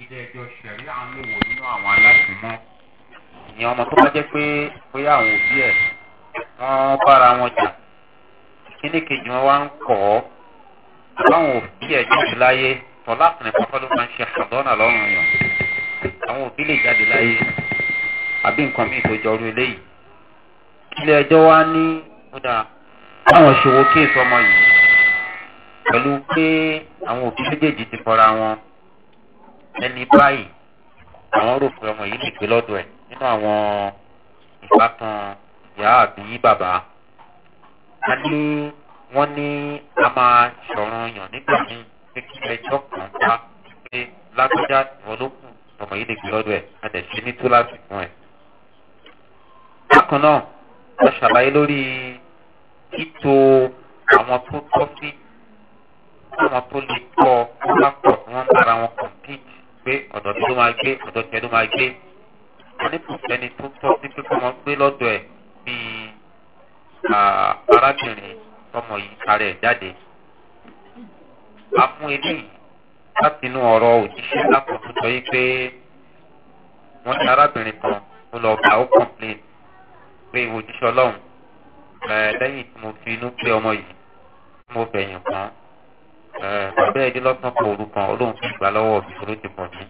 ilé ẹjọ́ sẹ̀rí àwọn nínú àwọn aláṣùmọ́ ìyẹn ọmọ tó bá jẹ́ pé bóyá àwọn òbí ẹ̀ wọ́n bára wọn jà kíní kejì wọn wá ń kọ́ ọ́ àbáwọn òbí ẹ̀ jáde láyé tọ́lá àtìníkọ́ tó ló máa ń ṣe àdánà lọ́rùn yàn àwọn òbí lè jáde láyé àbí nǹkan míì tó jọrú eléyìí ilé ẹjọ́ wá ní kódà báwọn ṣòwò kéèsì ọmọ yìí pẹ̀lú pé àwọn òbí méjèèjì ti fọra wọn ẹni báyìí àwọn rò pé ọmọ yìí nìgbé lọ́dọ̀ ẹ̀ nínú àwọn ìbátan ìyá àbí bàbá a ní wọ́n ní a máa ṣọ̀run yàn nígbà míì pé kí ẹjọ́ kan wá pé lágbájá ìwọ ló kù ọmọ yìí nìgbé lọ́dọ̀ ẹ̀ a dẹ̀ ṣe ní túláàsì fún ẹ̀. bákan náà a ṣàlàyé lórí títò àwọn tó tọ́ sí àwọn tó lè kọ́ ọ lápọ̀ tí wọ́n ń bára wọn kọ̀ǹpìtì gbé ọ̀dọ̀ tó ló máa gbé ọ̀dọ̀ tẹ ló máa gbé onípùsẹ́ni tó tọ́ sí pé kọ́mọ gbé lọ́dọ̀ ẹ̀ bíi arábìnrin tọmọ yìí kárẹ̀ jáde. a fún eléyìí láti inú ọ̀rọ̀ òjíṣẹ́ lákòókò sọ yìí pé wọ́n ní arábìnrin kan ó lọ bá ó kọ̀m̀plẹ̀n pé ìwòjíṣẹ́ ọlọ́run lẹ́yìn tí mo fi inú gbé ọmọ yìí tí mo bẹ̀yìn kan abẹ́rẹ́ ìdí lọ́sàn-án kò orú kan olóhùn fún ìgbà lọ́wọ́ ìṣòro ti pọ̀ ní.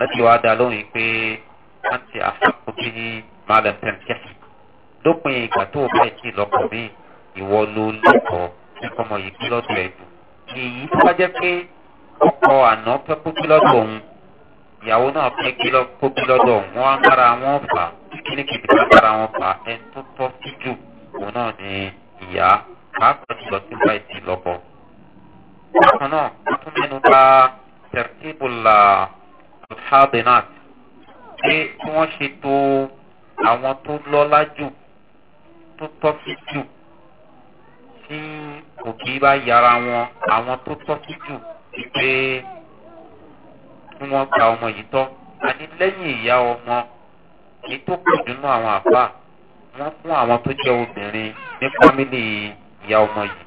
lẹ́tì wàá da lóhùn yìí pé wọ́n ti àfàkù bí malam tẹ̀mkẹ́. lópin ìgbà tó o bẹ́ẹ̀ tí lọ́kọ̀ mi ìwọ ló lọ́kọ̀ọ́ nípa ọmọ yìí kí lọ́dọ̀ ẹ̀ dùn. èyí tó bá jẹ́ pé ọkọ àná fẹ́ kó kí lọ́dọ̀ òun ìyàwó náà fẹ́ kó kí lọ́dọ̀ òun wọ́n á kára wọn fà bákan náà wọ́n tún mẹ́nu bá tẹ̀kíbùlà alhadinat pé kí wọ́n ṣètò àwọn tó lọ́lá jù tó tọ́sí jù tí òbí bá yára wọn àwọn tó tọ́sí jù pé kí wọ́n gba ọmọ yìí tọ́ àní lẹ́yìn ìyá ọmọ èyí tó pọ̀ jù nínú àwọn àbá wọ́n fún àwọn tó jẹ́ obìnrin ní fámìlì ìyá ọmọ yìí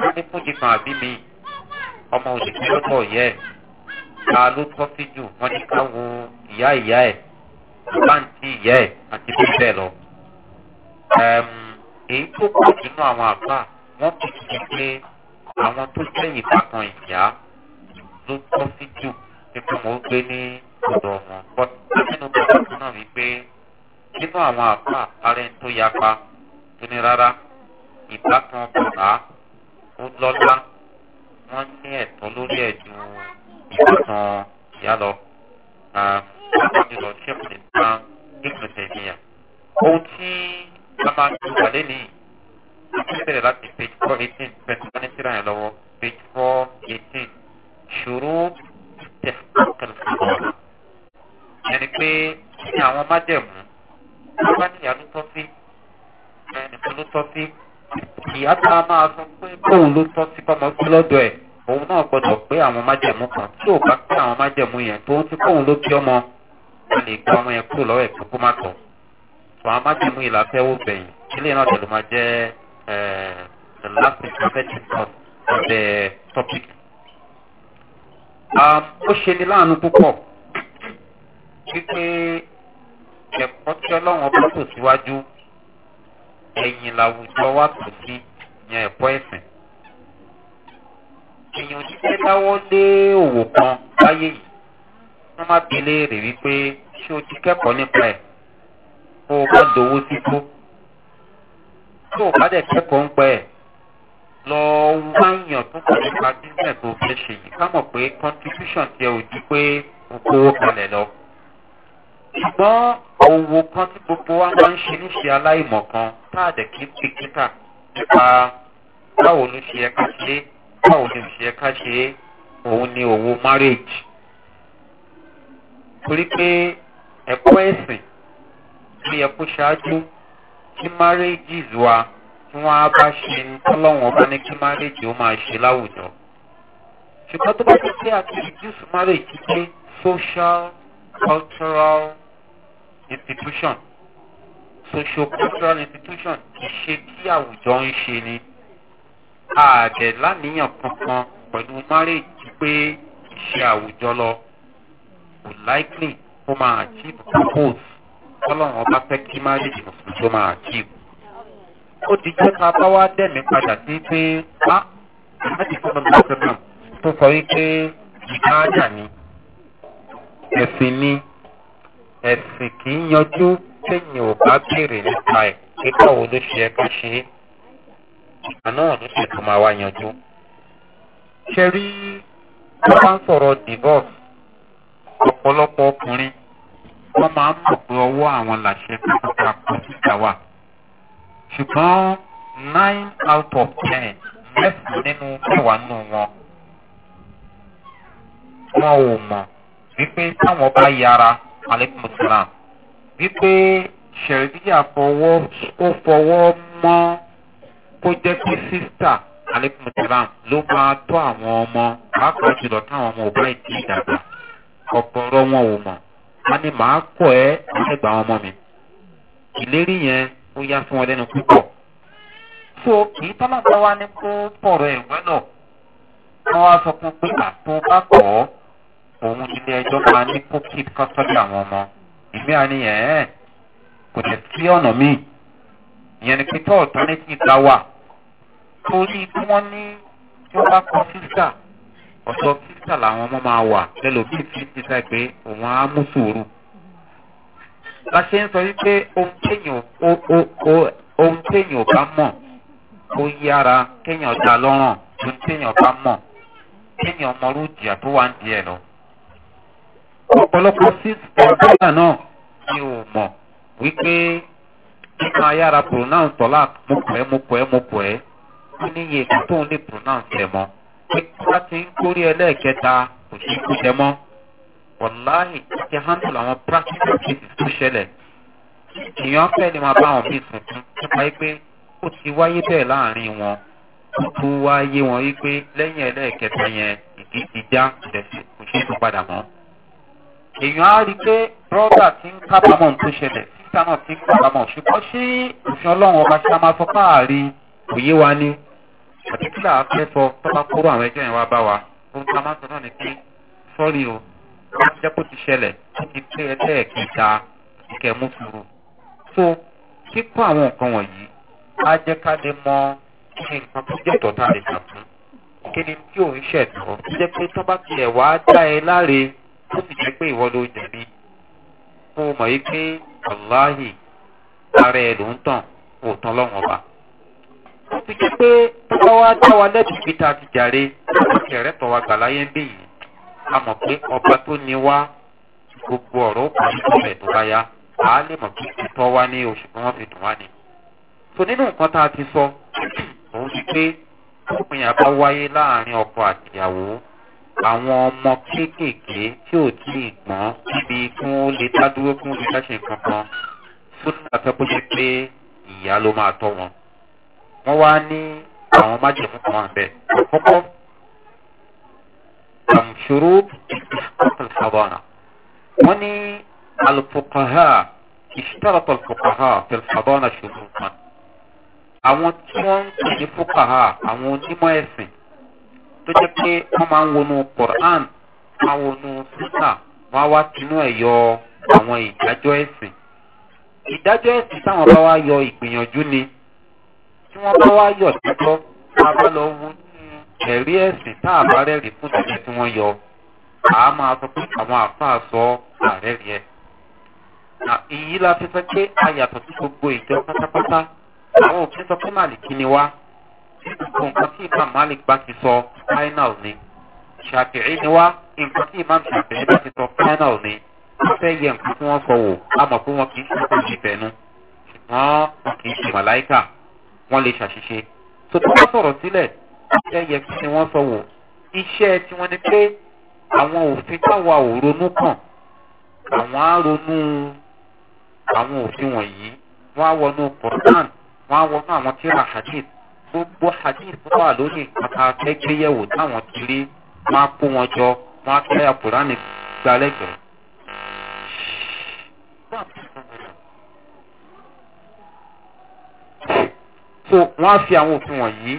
wọ́n ní fúnjì kan àbí mi ọmọ òṣèlú lọ́dọ̀ ọ̀yẹ́ ẹ̀ ta ló tọ́ sí jù wọ́n ní ká wo ìyá ìyá ẹ̀ báńtì ìyá ẹ̀ àti bẹ́ẹ̀ bẹ́ẹ̀ lọ. èyí tó pọ̀ nínú àwọn àbá wọ́n kì í ṣe pé àwọn tó jẹ́ ìbátan ìyá ló tọ́ sí jù pípé mo gbé ní ọ̀dọ̀ wọn. bọ́tà nínú bàbá náà wípé nínú àwọn àbá ara ẹni tó yapa tó ní rárá ìbátan bàbá tó lọ́lá wọ́n ní ẹ̀tọ́ lórí ẹ̀ ju ìbátan ìyá lọ. Àwọn jùlọ ṣẹ́kù lè bá ìgbìmọ̀ tẹ̀síyà. Ohun tí a máa ń lu wàlé nìyí, a ti bẹ̀rẹ̀ láti page four eighteen pẹ̀lú Bánísírà yẹn lọ́wọ́ page four eighteen. Ṣòro tẹ̀síkọ̀kẹ̀lẹ̀ fún ọ̀la. Ẹni pé ní àwọn májẹ̀mú, bá ní ìyá ló tọ́ sí, ẹnìkan ló tọ́ sí ìyá tá a máa sọ pé bóun ló tọ́ sí kọ́mọ gbé lọ́dọ̀ ẹ̀ òun náà gbọ́dọ̀ pé àwọn májẹ̀mú kan tí ò bá pé àwọn májẹ̀mú yẹn tó ń tí kóun ló bí ọmọ ẹ lè gbé ọmọ yẹn kúrò lọ́wọ́ ẹ̀ tó kó má tọ̀ tó àwọn májẹ̀mú yìí la wò bẹ̀yìn ilé náà tẹ̀lé máa jẹ́ eh, the last intervention of the topic. Ah, ó ṣe ni láàánú púpọ̀ wípé ẹ̀kọ́ tí ọlọ́run ọba tò síwájú ẹ̀yìn làwùjọ wa tó sí yan ẹ̀kọ́ ẹ̀sìn. èèyàn jíjẹ́ dáwọ́ lé òwò kan láyé yìí wọ́n má bi léèrè wípé ṣé o ti kẹ́kọ̀ọ́ nípa ẹ̀ kó o bá dowó sí tó. tó o bá dẹ̀ kẹ́kọ̀ọ́ ń pẹ́ ẹ̀ lọ wáyàn tó kọ̀ nípa business tó fẹ́ ṣe yìí ká mọ̀ pé contribution tiẹ̀ ò ju pé o kówó kalẹ̀ lọ. ṣùgbọ́n owó kan tí gbogbo wa máa ń ṣe níṣe aláìmọ̀ kan tá a dẹ̀ kí pìkítà nípa báwo ló ṣe ẹka ṣe báwo ló ṣe ẹka ṣe òun ni owó márèèjì torí pé ẹ̀kọ́ ẹ̀sìn ló yẹ kó ṣáájú kí márèèjì wa tí wọ́n á bá ṣe ní tọ́lọ́wọ́n bá ní kí márèèjì ó máa ṣe láwùjọ ṣùgbọ́n tó bá ti pé àti reduce marriage pé social cultural institution social cultural institution ìṣe tí àwùjọ ń ṣe ni ààdẹ̀ láníyàn kankan pẹ̀lú márèèjì pé ìṣe àwùjọ lọ kò likely kó máa achieve purpose kọ́lọ́run ọba fẹ́ kí márèèjì mùsùlùmí tó máa achieve. ó ti jẹ́ ká bá wá dẹ̀mí padà sí pé wá láti fún ọmọ ìgbà tó sọ wípé ìgbà ájà ni ẹ̀sìn ni ẹ̀sìn kì í yanjú téèyàn ò bá béèrè nípa ẹ̀ nípa wo ló ṣe ẹ ká ṣe é ìgbà náà ló ṣètò máa wá yanjú. ṣe rí wọ́n bá ń sọ̀rọ̀ divorce ọ̀pọ̀lọpọ̀ ọkùnrin wọ́n máa ń mọ̀ pé ọwọ́ àwọn làṣẹ pátápátá kò wà. ṣùgbọ́n nine out of ten mẹ́sàn-án nínú mẹ́wàá nù wọn wọn ò mọ̀ wípé táwọn bá yára aleykum salaam wípé sẹ̀rídíyà fọwọ́ ó fọwọ́ mọ́ kó jẹ́ pé sísítà aleykum salaam ló máa tọ́ àwọn ọmọ pàápàá jùlọ táwọn ọmọ òbá ìdí ìdàgbà ọ̀pọ̀rọ̀ wọn ò mọ̀ wọn ni màá kọ̀ ẹ́ ẹgbà àwọn ọmọ mi ìlérí yẹn ó yá fún wọn lẹ́nu púpọ̀ so kì í tọ́lá bá wá ní kó pọ̀rọ̀ ẹ̀wẹ́ náà wọ́n wá sọ fún pé àtúntà kọ̀ ọ́ òun ilé ẹjọ́ máa ní kó keep custody àwọn ọmọ ìgbé àníyàn ẹ̀ kò dẹ̀ sí ọ̀nà míì ìyẹn ni pé tó alternative bá wà torí bí wọ́n ní tí wọ́n bá kọ́ sísà ọ̀dọ́ sísà làwọn ọmọ máa wà lẹ́lòmíì fi sísà pé òun á mú sùúrù la ṣe ń sọ wípé ohun téèyàn ò bá mọ̀ ọ̀pọ̀lọpọ̀ sísọ̀tọ́là náà ni ò mọ̀ wípé nínú ayára pronounce tọ́lá mọ̀pẹ́ mọ̀pẹ́ mọ̀pẹ́ ó ní iye ìgbà tóun lè pronounce ẹ̀ mọ́ pé bá ti ń kórè ẹlẹ́ẹ̀kẹta kò sí kú jẹ mọ́ wàláhì ti handle àwọn practical cases tó ṣẹlẹ̀ èèyàn fẹ́ ni máa bá àwọn míì tuntun nípa pé ó ti wáyé bẹ́ẹ̀ láàrin wọn ó tó wáyé wọn wípé lẹ́yìn ẹlẹ́ẹ̀kẹta yẹn ìdí ti já kò ṣe é tó padà mọ́ èèyàn á rí i pé brọ́dà ti ń kábàámọ̀ tó ṣẹlẹ̀ sísá náà ti ń kábàámọ̀ ṣùgbọ́n ṣé òfin ọlọ́run ọba ṣe máa sọ káàárín òye wa ni àti kí làá fẹ́ sọ tó bá kóró àwọn ẹjọ́ yẹn wá bá wa ohun tá a máa sọ náà ni pé sọ́ọ̀rì o wọ́n ti jẹ́ kó ti ṣẹlẹ̀ ó ti pé ẹlẹ́ẹ̀kẹta ìkẹ́mú furu so kíkó àwọn nǹkan wọ̀nyí á jẹ́ ká lè mọ kí ni nǹkan tó jẹ́ tọ́ta lè kà fún kí ni tí òun ṣẹ̀tọ́ jẹ́ pé tó tiẹ̀ wá dá ẹ láre ó sì jẹ́ pé ìwọ ló jẹ̀bi mo mọ̀ yí pé aláhì ara ẹ̀ ló ń tàn kò tán lọ́wọ́n ọba. ó ti jẹ́ pé tọ́wọ́ wá dá wa lẹ́bi ibi tá a ti jàre kẹ̀rẹ́ tọ́wọ́ gbà láyé ń bì yìí a mọ̀ pé ọba tó ní wá gbogbo ọ̀rọ̀ kò ní kọ́ tó bá yá a lè mọ̀ pé ìtọ́ wá ní oṣù tí wọ́n fi dùn wá ni. so nínú nǹkan tá a ti sọ òun ti pé tó pin àbá wáyé láàrin ọkọ àtìyàwó àwọn ọmọ kéékèèké tí ò tí ì gbọ́n níbi kí wọ́n lè dá dúró kí wọ́n lè dáṣe nǹkan kan sódà fẹ́ kó jẹ́ pé ìyá ló máa tọ́ wọn. wọ́n wá ní àwọn májèlú kan wà bẹ́ẹ̀. àkọ́kọ́ àmṣòro ìfipápẹ́ sábàánà wọ́n ní alùpùpàhà ìṣítàràpọ̀ alùpùpàhà pẹ̀lú sábàánà ṣòro kan. àwọn tí wọ́n ń pè ní fúkàhà àwọn onímọ̀ ẹ̀sìn tó jẹ́ pé wọ́n máa ń wọnú quran máa wọnú sísà wọ́n á wá tinú ẹ̀ yọ àwọn ìdájọ́ ẹ̀sìn ìdájọ́ ẹ̀sìn táwọn bá wá yọ ìgbìyànjú ni tí wọ́n bá wá yọ dájọ́ tá a bá lọ wú ẹ̀rí ẹ̀sìn tá a bá rẹ́rìí fún ìdájọ́ tí wọ́n yọ àá máa sọ pé àwọn àáfàá sọ ààrẹ rí ẹ ìyí la fi sọ pé a yàtọ̀ sí gbogbo ìjọ pátápátá àwọn òfin sọ pé màlìkí ni wá gbogbo nǹkan tí imam malik bá ti sọ final ni ṣàfihàn ni wá nǹkan tí imam ṣàfihàn bá ti sọ final ni wọ́n fẹ́ yẹ nǹkan tí wọ́n sọ wò á mọ̀ pé wọn kì í ṣe kó ṣe bẹ̀nu ṣùgbọ́n wọn kì í ṣe màláìkà wọ́n lè ṣàṣìṣe tó tó wọ́n sọ̀rọ̀ sílẹ̀ ṣe yẹ kí ni wọ́n sọ wò iṣẹ́ tiwọn ni pé àwọn òfin táwa ò ronú kàn àwọn á ronú àwọn òfin wọ̀nyí wọ́n á wọnú quran wọ́n á wọnú àwọn tíra hadith gbogbo hadith tó wà lórí ìpàtà akẹ́gbéyẹ̀wò táwọn ti rí máa kó wọn jọ wọn akẹ́lẹ́ àpòránì gbalẹ́gbẹ̀ẹ́. so wọ́n á fi àwọn òfin wọ̀nyí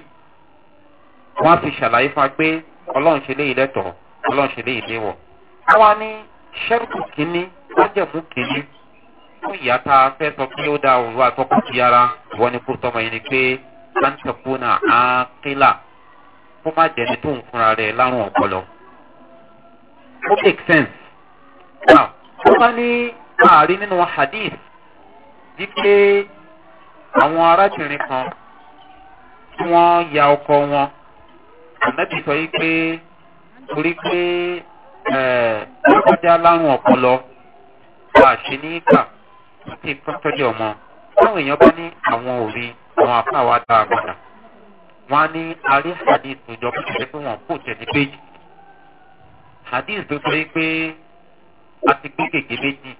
wọ́n á fi ṣàlàyé fún wa pé ọlọ́run ṣe léyìí lẹ́tọ̀ọ́ ọlọ́run ṣe léyìí léwọ̀. àwa ní ṣẹ́rùkù kínní májẹ̀mú kínní fún ìyá tá a fẹ́ sọ pé ó da òru àtọkùn ti ara ìwọ ni kó tọmọ yìí ni pé láǹtẹ̀kùnà àákílà kó má jẹni tó ń fúnra rẹ̀ lárùn ọ̀pọ̀lọ. ó make sense. now wọ́n bá ní ààrí nínú hadith wípé àwọn arákùnrin kan tí wọ́n ya ọkọ wọn ànábì sọ yìí pé torí pé ọkọjá lárùn ọpọlọ wà ṣe ní kà tí kọ́tọ́jọ́ ọmọ táwọn èèyàn bá ní àwọn òbí àwọn afa wa a padà wọn á ní arí hadith tó jọ pé pé wọn kò tẹ̀lé péjì hadith tó sọ pé a ti gbé gègé méjì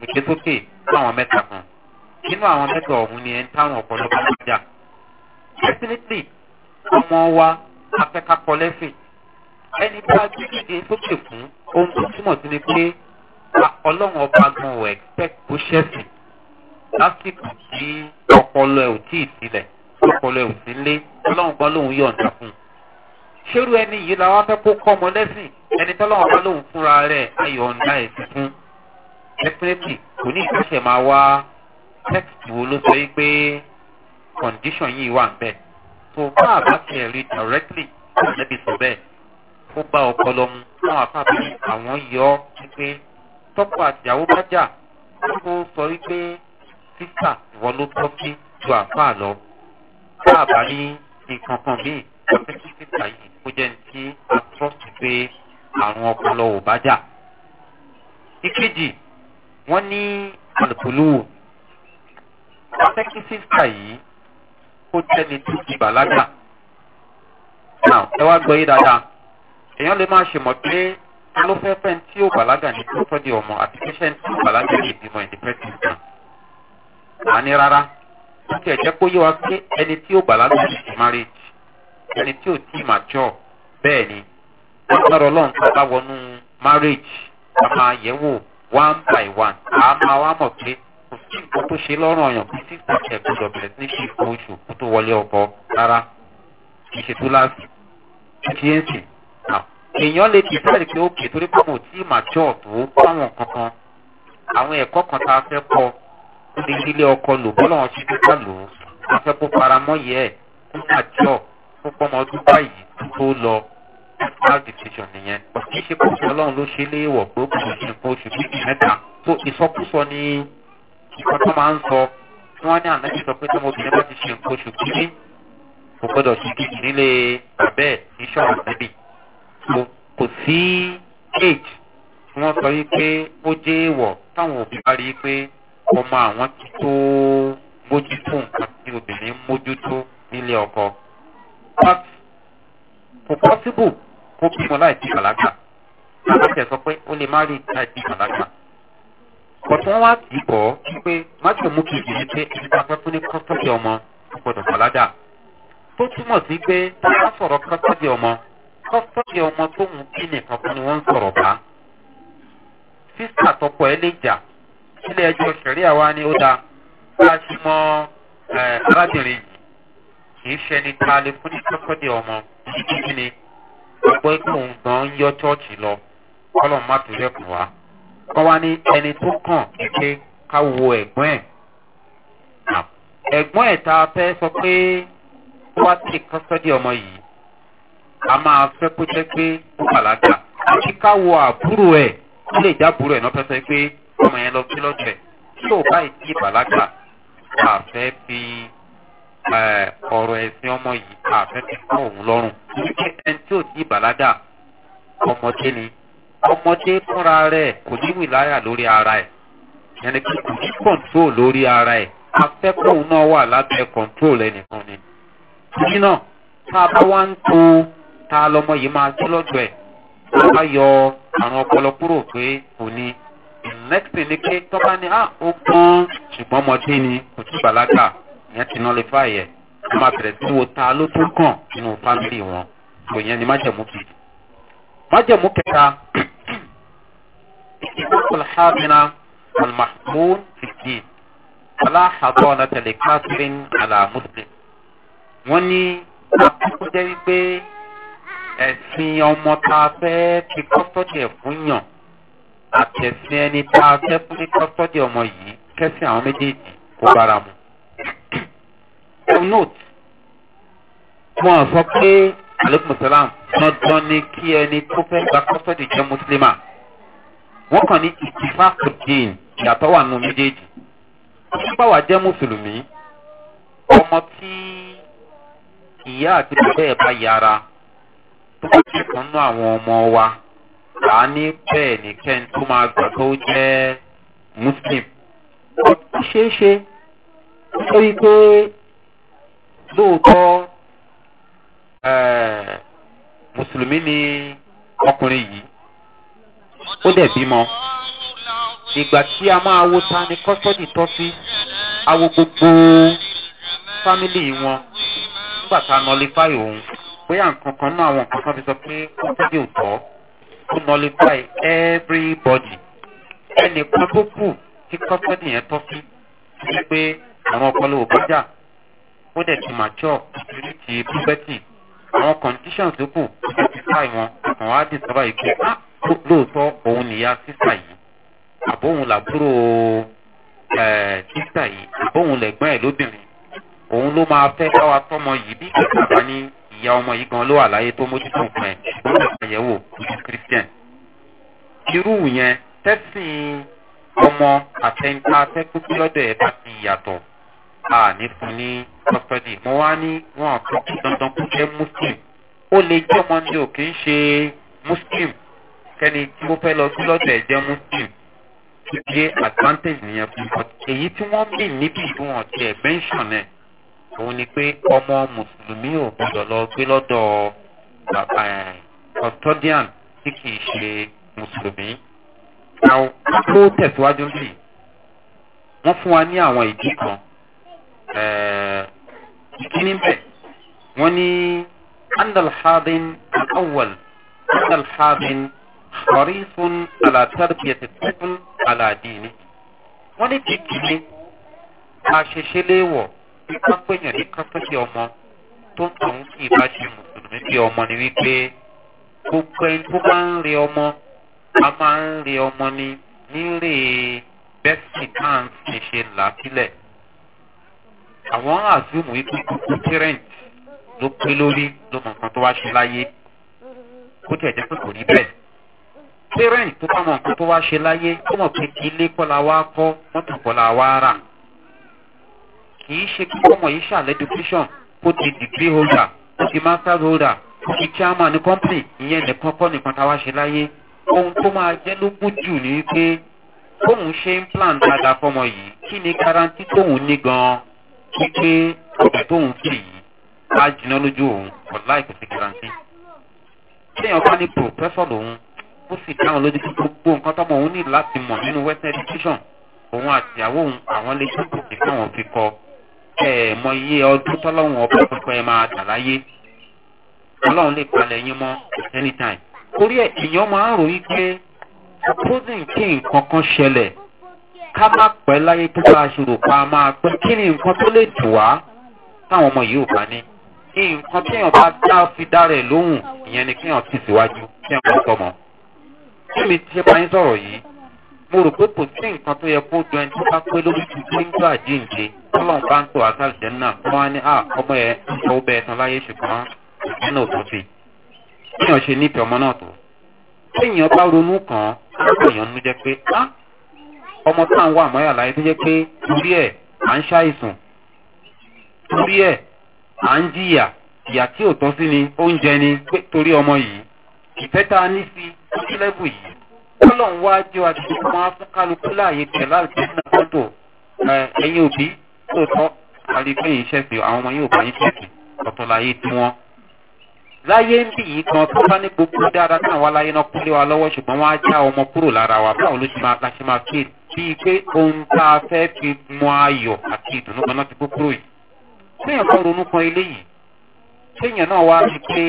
gègé sókè fún àwọn mẹ́ta kan nínú àwọn mẹ́ta ọ̀hún ni ẹ̀ ń táwọn ọ̀pọ̀lọpọ̀ ń jà definitely ọmọ wa afẹ́kakọ lẹ́sìn ẹni bá gbígbé sókè fún ohun tó túmọ̀ sí ni pé ọlọ́run ọba gan ò expect bó ṣẹ̀sìn lásìkò tí ọpọlọ ẹ̀ ò tí ì sílẹ̀ ọpọlọ ẹ̀ ò sí lé ọlọ́run gbọ́ lòun yọ̀ǹda fún un. ṣérú ẹni yìí làwọn fẹ́ kó kọ́ ọmọ lẹ́sìn ẹni tọ́lọ́run bá lòun fúnra rẹ̀ ayọ̀ǹda ẹ̀ sí fún. definitely kò ní ìfẹsẹ̀ máa wá text wo ló sọ yìí pé condition yìí wà ń bẹ̀. tó bá àbá tiẹ̀ rí directly kò lẹ́bi sọ bẹ́ẹ̀ ó bá ọpọlọ mu láwọn afábí àwọn yọ ọ wípé tọ́pọ̀ àtìyàwó bá jà ó títà ìwọ ló tọ́ sí ju àfáà lọ tá a bá ní nǹkan kan míì ọtí tí títà yìí kó jẹ́ ní tí a trọ́sì pé àrùn ọpọlọ ò bá jà. ìkejì wọ́n ní àlùkòlówó ọtẹ́kí sísà yìí kó jẹ́ni tó ti bàlágà. náà ẹ wá gbọ́ yí dáadáa èèyàn lè máa ṣèmọ̀ pé ta ló fẹ́ fẹ́ tí ó bàlágà ní tó tọ́ di ọmọ àti pé ṣẹ́ ń tí ó bàlágà ní ìbímọ ìdípẹ́tì náà. ani rárá wọ́n ẹ̀jẹ̀ kó yé wa pé ẹni tí ó bàlágà marriage ẹni tí ò tí mature bẹ́ẹ̀ ni agbára ọlọ́run tó bá wọnú one by one a máa wá mọ̀ pé kò sí nǹkan tó ṣe lọ́rùn ọ̀yàn bí gbọdọ̀ bẹ̀rẹ̀ sí ṣe oṣù kó tó wọlé ọkọ rárá kì í ṣe tó mature tó fáwọn kankan àwọn ẹ̀kọ́ kan tá a fẹ́ ó ti dílé ọkọ lò bọ́lá wọn ti dúpọ̀ lò ó wọ́n fẹ́ kó paramọ́ yẹ ẹ̀ kó pàjọ́ kó pọ́nmọ́ dúpọ̀ yìí tó lọ personal decision nìyẹn kì í ṣe kóòtù ọlọ́run ló ṣe lé wọ̀ pé ó kò sí nǹkan oṣù méjì mẹ́ta tó ìsọkúsọ ni nǹkan tó máa ń sọ tí wọ́n ní ànájú sọ pé tọmọbìnrin bá ti ṣe nǹkan oṣù kìíní kò gbọdọ̀ ṣe kìíní nílé abẹ́ ìṣọ̀rọ̀ níbi kò sí age tí wọ́n sọ yí pé ó jẹ́ èèwọ̀ táwọn òbí bá rí i pé ọmọ àwọn ti tó mójútó nǹkan tí obìnrin mójútó nílé ọkọ. kò pọ́síbù kó bímọ láì di bàlágà aláṣẹ sọ pé ó lè má rí láì di bàlágà. bọ̀tún wọn wá dì bọ̀ wípé májèmú kejì ni pé ẹni tá a fẹ́ fún ní kọ́tọ́jì ọmọ tó gbọdọ̀ bàlágà. tó túmọ̀ sí pé tá a sọ̀rọ̀ kọ́tọ́jì ọmọ kọ́tọ́jì ọmọ tóun bí nìkan fún ni wọ́n ń sọ̀rọ̀ bá. sísà tọkọ ẹ lè jà ilé ẹjọ́ sẹ̀ríà wa ni ó da bá a ti mọ arábìnrin yìí kì í ṣẹni tá a lè fún ní kọ́kọ́dé ọmọ kí ni ọgbọ́n ikú òun gan ń yọ chọ́ọ̀chì lọ kọ́lọ̀ má tó rẹ̀ kù wá. wọ́n wá ní ẹni tó kàn pé ká wo ẹ̀gbọ́n ẹ̀ ẹ̀gbọ́n ẹ̀ tá a fẹ́ sọ pé tó bá ti kọ́kọ́dé ọmọ yìí a máa fẹ́ kó jẹ́ pé ó bàlágà àti ká wo àbúrò ẹ̀ ó lè jábùrò ẹ̀ náà fẹ́ sọ pé ọmọ yẹn lọ sí lọ́jọ́ ẹ̀ tí ò bá ìdí ìbàlágà àfẹ́ fi ọ̀rọ̀ ẹ̀sìn ọmọ yìí àfẹ́ fi kọ́ òun lọ́rùn ẹni tí ò dí ìbàlágà ọmọdé ni ọmọdé fúnra rẹ̀ kò ní wìláyà lórí ara ẹ̀ yẹnni pé kò ní kọ̀ǹtró lórí ara ẹ̀ afẹ́kọ̀ọ́ náà wà lábẹ́ kọ̀ǹtró ẹnìkan ni. torí náà tá a bá wá ń to ta lọmọ yìí máa tó lọ́jọ́ ẹ̀ tá a bá yọ àrùn ọpọlọ kúrò pé kò next thing ni pé tọ́ba ni ah ó gbọ́n ṣùgbọ́n ọmọdé ni kò tí bàlágà ìyẹn ti nọ́ lè fà yẹ wọ́n máa bẹ̀rẹ̀ sí wo ta ló tún kàn nínú fámìlì wọn kò yẹn ni májẹ̀mú kì í. májẹ̀mú kẹta ìdíkùn alhàmìnà almahmud fìdí aláhàbọ̀ nàtẹ̀lẹ̀ catherine alamuslim wọ́n ní àkókò jẹ́ wípé ẹ̀sìn ọmọ ta fẹ́ fi kọ́sọ́dì ẹ̀ yàn àtẹ̀sìn ẹni tá a fẹ́ fún ní kọ́sọ́dì ọmọ yìí kẹ́sìn àwọn méjèèjì kó bára mu. of note wọn sọ pé aleykum salam dandan ni kí ẹni tó fẹ́ gba kọ́sọ́dì jẹ́ mùsùlùmá wọ́n kàn ní ìtìfáàkù dín ìyàtọ̀ wà nù méjèèjì. nígbà wà jẹ́ mùsùlùmí ọmọ tí ìyá àti bàbá ẹ̀ bá yára tó bá ti kàn nú àwọn ọmọ wa à ní bẹ́ẹ̀ ni kẹ́ni tó máa gbà tó jẹ́ muslim. ó ṣeé ṣe nítorí pé lóòótọ́ mùsùlùmí ni ọkùnrin yìí ó dẹ̀ bímọ ìgbà tí a máa wo ta ni kọ́sọ́dì tọ́ sí awo gbogbo fámìlì wọn nígbà tá a nọlé fáyò òun bóyá nǹkan kan náà àwọn nǹkan kan fi sọ pé kọ́sọ́dì ò tọ́. To nọlifáì everybody ẹnìkan tó kù tí kọ́sọ́dì yẹn tọ́ sí ni pé àwọn ọpọlọ ò bá jà ó dẹ̀ ti mature ní ti puberty àwọn conditions tó kù ó ti fà wọn àwọn á dìsọ́bà yìí pé á ah, lóòótọ́ òun nìyá sísà yìí àbóhun làbúrò sísà yìí àbóhun lẹ̀gbọ́n ẹ̀ lóbìnrin òun ló máa fẹ́ bá wa tọ́mọ yìí bí kìkì bá ní ìyá ọmọ yìí gan ló wà láyé tó mójútó nǹkan ẹ̀ ṣùgbọ́n kò ṣàyẹ̀wò christian. irú yẹn tẹ́sìn ọmọ àtẹnta tẹ́kùkú lọ́dọ̀ ẹ̀ bá ti yàtọ̀ a ní fún ní custody mo wá ní wọn àtúntò dandan kó jẹ́ muslim ó lè jẹ́ ọmọ ní òkè ń ṣe muslim kẹ́ni tí ó fẹ́ lọ sí lọ́dọ̀ ẹ̀ jẹ́ muslim ṣe advantage nìyẹn fún ọ èyí tí wọ́n mì níbi ìdúnwọ̀n tiẹ̀ mention ẹ̀ òun ni pé ọmọ mùsùlùmí ò gbọdọ̀ lọ gbé lọ́dọ̀ custodian tí kì í ṣe mùsùlùmí. àwọn tó tẹ̀síwájú sí wọ́n fún wa ní àwọn ìdí kan ìkíní bẹ́ẹ̀ wọ́n ní andalhadin awal andalhadin xarisun alatarbiyati tukun aladini wọ́n ní kìkìní àṣeṣe léwọ̀ pé kápẹ́yàn ní kápẹ́yàn ọmọ tó ń tàn kí ibà ṣe mùsùlùmí bí ọmọ ni wípé gbogbo ẹni tó bá ń re ọmọ a máa ń re ọmọ ni nírè bẹ́sì kan ṣe ṣe là sílẹ̀ àwọn àzùmù ikú kúkú tírẹ̀ǹtì ló pé lórí ló mọ nǹkan tó wá ṣe láyé kó tiẹ̀ jẹ́ pé kò rí bẹ́ẹ̀ tírẹ̀ǹtì tó bá mọ nǹkan tó wá ṣe láyé ó mọ̀ pé ilé kọ́ la wá kọ́ mọ́tò kọ́ la wá rà kì í ṣe kí ọmọ yìí ṣàlẹ́ education kó di degree holder kó di master holder kó di chairman ní company ìyẹn nìkan kọ́ nìkan tá a wá ṣe láyé ohun tó máa jẹ́ lógún jù ni pé bóun ṣe ń plan dáadáa fọmọ yìí kí ni garanti tóun ní gan-an wípé ọ̀gá tóun fi yìí á jiná lójú òun ọ̀la ìpèsè garanti. téèyàn bá ní pòfẹ́sọ̀ lòun ó sì dáhùn lójú pé gbogbo nǹkan tọ́mọ òun ní láti mọ̀ nínú western education òun àtìyàwó òun àwọn lè jókòó sí káwọn fi kọ́ ọ ẹ mọ iye ọdún tọ́lọ́hún ọba pẹpẹ ẹ máa dà láyé ọlọ́run lè palẹ̀ yín mọ́ anytime torí ẹ èèyàn máa ń ròyìn pé opposing kí nǹkan kan ṣẹlẹ̀ ká má pẹ́ láyé tó bá a ṣe rò pa máa pẹ́ kí ni nǹkan tó lè dùn wá táwọn ọmọ yìí ò bá ní nǹkan téèyàn bá dá fi dára ẹ̀ lóhùn ìyẹn ni kéèyàn tì síwájú kéèyàn bá tọmọ. kí mi ti ṣe pa yín yìí mo rò pé kò sí nǹkan tó yẹ kó jọ ẹni tó bá pé lórí ju gbígbó àjíǹde tọ́lọ́n bá ń tó àtàlùjẹ́ náà kí wọ́n á ní ọmọ ẹ ìṣọ́ ọbẹ̀ ẹ̀tàn láyé ṣùgbọ́n ìṣẹ́ náà tó ti. bíyàn ṣe nífẹ̀ẹ́ ọmọ náà tó. téèyàn bá ronú kàn án èèyàn nu jẹ́ pé á ọmọ tá à ń wà mọ́yà láyé tó jẹ́ pé torí ẹ̀ à ń ṣàìsùn torí ẹ̀ à ń jìyà ìyà tí ò tọ́ sí ni oúnjẹ ni pé torí ọmọ yìí ìfẹ́ tá a ní sí lẹ́bù yìí kọlọ̀n wá jẹ́ àdúgbò fún afọ́kálukú láàyè pẹ̀lú àlùfáà fọ́tò ẹ̀yìn òbí tó tọ́ àlùfáà yìí ṣẹ̀fì àwọn ọmọ yóò bá yín ṣẹ̀fì ọ̀tọ̀ láyé tí wọ́n. láyé ń bì yìí kan tó bá ní gbogbo dáadáa náà wá láyé náà kúlé wa lọ́wọ́ ṣùgbọ́n wọ́n á já ọmọ kúrò lára wa báwo ló ṣe máa la ṣe máa fèèrè bíi pé ohun tá a fẹ́ fi mọ ayọ̀ àti ìdùnnú kan náà ti kó kúrò yìí. séèyàn kan ronú kan eléyìí séèyàn náà wá rí pé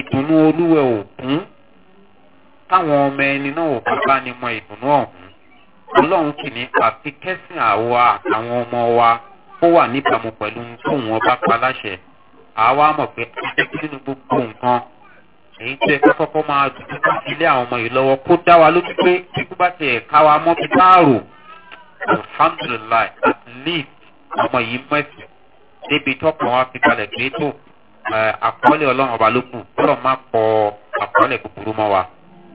ìdùnnú olúwẹ̀ òkun táwọn ọmọ ẹni náà ò bá bá ní mọ ìdùnnú ọ̀hún ọlọ́run kì ní àfi kẹ́sìn àwa àtàwọn ọmọ wa ó wà níbàámu pẹ̀lú tóun ọba pa láṣẹ àwa mọ̀ pé ajẹ́kí nínú gbogbo nǹkan èyí tẹ́ ká kọ́kọ́ máa dùn ká ilé àwọn ọmọ yìí lọ́wọ́ kó dá wa lójú pé kíkú bá tiẹ̀ ká wa mọ́ bí táàrò alhamdulilayi at least ọmọ yìí mẹ́sì débi tọ́pọ̀ wa fi kalẹ̀ gbé tó àkọọ́lẹ̀ ọlọ́run ọba ló kù kọ́lọ́ má pọ̀ àkọọ́lẹ̀ búburú mọ́ wa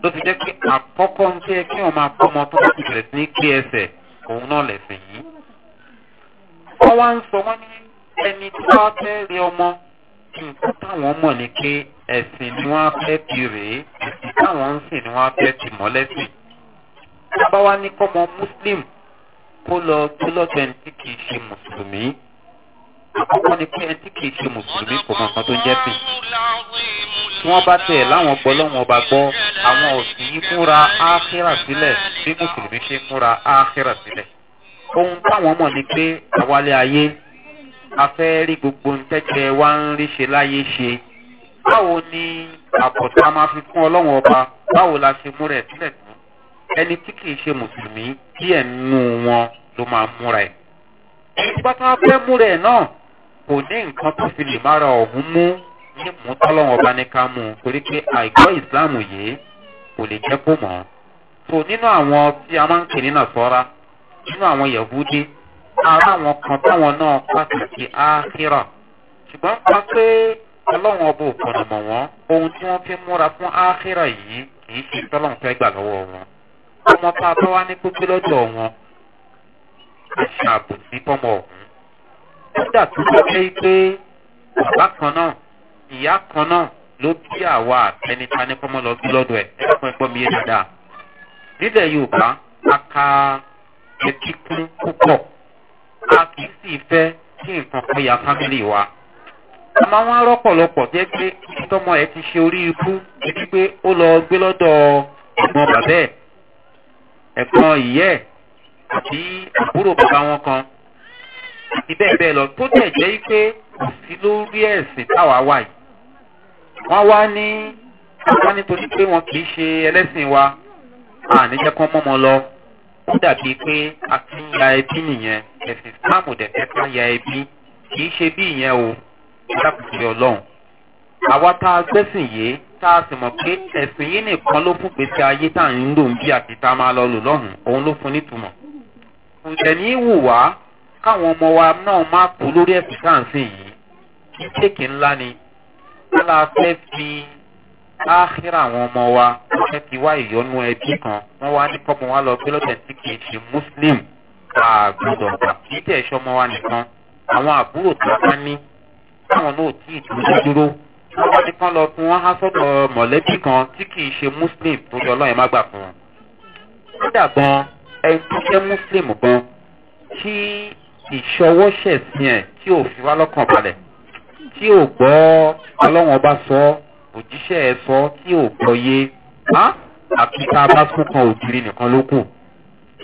tó fi jẹ́ pé àkọ́kọ́ ń tẹ́ kí wọ́n máa bọ́ ọmọ tó bá ti bẹ̀rẹ̀ sí ní pé ẹsẹ̀ òun náà lẹ̀sìn yìí. wọ́n wá ń sọ wọ́n ní ẹni tí wọ́n fẹ́ rí ọmọ nǹkan táwọn mọ̀ ni pé ẹ̀sìn ni wọ́n fẹ́ ti rèé ẹ̀sìn táwọn ń sìn ni wọ́n fẹ́ ti mọ́ lẹ́sìn. tábà wá ní kọ́mọ muslim kó lọ tó lọ́gbẹ̀ẹ́ tí kì í ṣe mùsùlùmí àkọ́kọ́ ni pé ẹtí kìí ṣe mùsùlùmí kò mọ̀ tó ń jẹ́ sìn. tí wọ́n bá tẹ̀ láwọn gbọ́ lọ́wọ́n ọba gbọ́ àwọn òsìn yìí múra áhírà sílẹ̀ bí mùsùlùmí ṣe múra áhírà sílẹ̀. ohun táwọn mọ̀ ni pé àwálé ayé a fẹ́ rí gbogbo ntẹ́jẹ wa ń rí ṣe láyé ṣe. báwo ni àbọ̀tá máa fi fún ọlọ́wọ́n ọba báwo la ṣe múra ẹ̀ ẹni tí kìí ṣe mùsùlùmí díẹ̀ nínú wọn ló máa múra ẹ̀. ẹni fẹ́ múra ẹ̀ náà kò ní nǹkan tó fi lè mára ọ̀hún mú ní mú tọ́lọ́wọ́n ọba ní ká mú un torí pé àìgbọ́ ìsìláàmù yìí kò lè jẹ́ kó mọ̀ ọ́. tó nínú àwọn tí a máa ń pè nínà sọ́ra nínú àwọn yahudi ara àwọn kan táwọn náà pàtàkì áhírà ṣùgbọ́n pa pé ọlọ́wọ́n ọba òkùnà mọ̀ wọ́n ohun tí wọ́n fi múra fún áhírà yìí kì í ṣe tọ́lọ́wọ́n fẹ́ gbà lọ́wọ́ wọn. ọmọ tá a bá wá ní gbogbo lọ́dọ̀ wọn kódà tó bá jẹ́ pé bàbá kan náà ìyá kan náà ló bí àwa àtẹnita ní kọ́mọ́ lọ bí lọ́dọ̀ ẹ̀ ẹ̀ fún ẹgbọ́n mi yé dáadáa. nílẹ̀ yorùbá a ka etí kún púpọ̀ a kì í sì fẹ́ kí nǹkan kan ya fámìlì wa. a máa wá rọ́pọ̀lọpọ̀ jẹ́ pé tọmọ ẹ ti ṣe orí ikú ibi pé ó lọ gbé lọ́dọ̀ ẹ̀gbọ́n bàbá ẹ̀ ẹ̀gbọ́n ìyẹ́ àti àbúrò bàbá wọn kan àti bẹ́ẹ̀ bẹ́ẹ̀ lọ tó tẹ̀ jẹ́ pé kò sí lórí ẹ̀sìn táwa wà yìí wọ́n wá ní wọ́n nítorí pé wọn kì í ṣe ẹlẹ́sìn wa àníjẹ́ kán mọ́mọ́ lọ ó dàbí pé a ti ń ya ẹbí nìyẹn ẹ̀sìn islam dẹ̀fẹ́ ká ya ẹbí kì í ṣe bí ìyẹn o lápùpù ọlọ́run àwa tá a gbẹ́sìn yìí tá a sì mọ̀ pé ẹ̀sìn yìí nìkan ló fún gbèsè ayé tá à ń lò ń bí àti tá a máa lọ lò lọ́hùn òun ló fún nítumọ̀ kò ní wù wá káwọn ọmọ wa náà má kú lórí ẹ̀sìn káàǹsì yìí mistake ńlá ni wọ́n fẹ́ fi áhírà àwọn ọmọ wa fẹ́ fi wá ìyọnu ẹbí kan wọ́n wá ní kọ́mọ wa lọ gbé lọ́tẹ̀ tí kì í ṣe muslim àgbọ̀dọ̀ kì í tẹ̀ ṣọmọ wa nìkan àwọn àbúrò tó bá ní táwọn náà tí ì dúró dúró wọ́n wá ní kán lọ fún wọn á sọ́dọ̀ mọ̀lẹ́bí kan tí kì í ṣe muslim tó yọ ọlọ́run má gbà fún wọn. kódà gan ẹni tó jẹ́ muslim gan tí ìṣọwọ́ṣẹ̀sìn ẹ̀ tí ò fi wá lọ́kàn balẹ̀ tí ò gbọ́ ọlọ́wọ́n bá sọ òjíṣẹ́ ẹ̀ sọ tí ò gbọ́ yé àfi tá a bá sún kan òjìrì nìkan ló kù.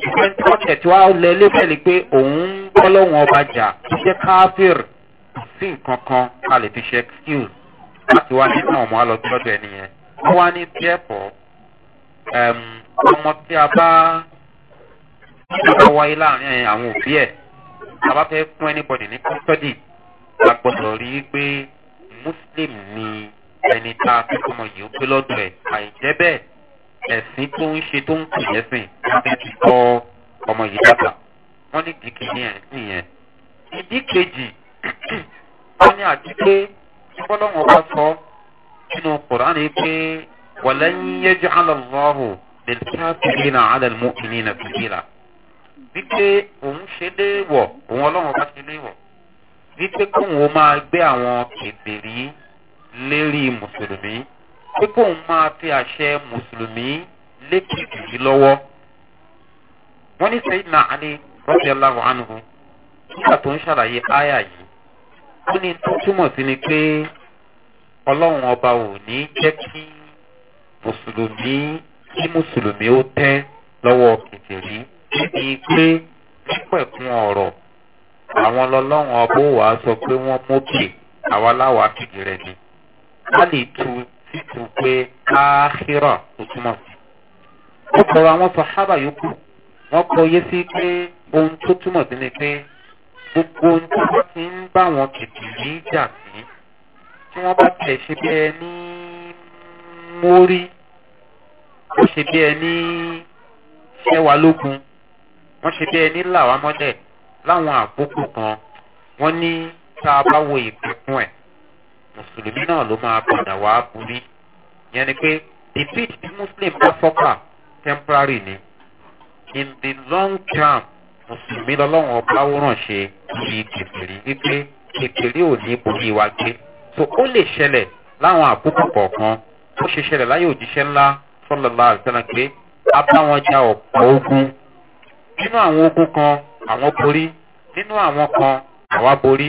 ìpẹ́ntì ọ̀tẹ̀ tí wàá lẹ lébẹ̀lì pé òun ń bọ́ lọ́wọ́n ọba jà iṣẹ́ káfíìr sí nǹkan kan a lè fi ṣe excuse láti wá nínú ọmọ alọ́jọ́dọ̀ ẹnìyẹn. wọ́n wá ní tẹ́ẹ̀pọ̀ ọmọ tí a bá wáyé láàrin àwọn òbí ẹ̀ àbá fẹ́ fún anybody ní custody a gbọ́dọ̀ rí i pé muslim ni ẹni tá a fi ọmọ yìí ń pé lọ́dọ̀ ẹ̀ àìjẹ́ bẹ́ẹ̀ ẹ̀sìn tó ń ṣe tó ń kù lẹ́sìn lábẹ́ ti kọ́ ọmọ yìí dàgbà wọ́n ní dìkì ní ẹ̀ nìyẹn. ìdí kejì wọ́n ní àti pé ìfọlọ́wọ́n bá sọ nínú quran yìí pé wàlẹ́yìn yẹ́jú alàlọ́hù lè ká fìdí náà alàlmú ìní náà fìdí náà wípé òun ṣe léèwọ̀ òun ọlọ́run bá ṣe léèwọ̀ wípé kóun ó máa gbé àwọn kèbèrè lérí mùsùlùmí pé kóun máa fi àṣẹ mùsùlùmí lékìkì yìí lọ́wọ́. wọ́n ní sẹ́yìn náà alẹ́ rọ́bì aláwọ̀ ànúhù nígbà tó ń ṣàlàyé áyà yìí ó ní tó túmọ̀ sí ni pé ọlọ́run ọba ò ní jẹ́ kí mùsùlùmí kí mùsùlùmí ó tẹ́ lọ́wọ́ kèbèrè níbi pé pípẹ̀kun ọ̀rọ̀ àwọn lọ́lọ́run ọbọ̀ wà á sọ pé wọ́n mókè àwa láwàá fìdí rẹ̀ ni a lè tu títú pé áhírà tó túmọ̀ sí. ó kọ̀rọ̀ àwọn sọ̀hábà yòókù wọ́n kọ yé sí pé ohun tó túmọ̀ sí ni pé gbogbo ohun tó bá ti ń bá wọn kìkì ní jà sí tí wọ́n bá tẹ̀ ṣe bí ẹni mórí ó ṣe bí ẹni ṣẹ́wàá lógun wọ́n ṣe bẹ́ẹ̀ ní làwọn mọ́lẹ̀ láwọn àkókò kan wọ́n ní tá a bá wo ìpínpín ẹ̀ mùsùlùmí náà ló máa padà wá borí yẹn ni pé the peace tí muslim bá fọ́kà temporary ni in the long term mùsùlùmí lọ́lọ́run ọba wòrán ṣe bí kékeré wípé kékeré ò ní borí wa gbé so ó lè ṣẹlẹ̀ láwọn àkókò kọ̀ọ̀kan ó ṣe ṣẹlẹ̀ láyé òjíṣẹ́ ńlá sọ́lọ́lá àti sẹ́lẹ̀ pé a bá wọn ja ọ̀pọ̀ ogun nínú àwọn ogun kan àwọn borí nínú àwọn kan àwa borí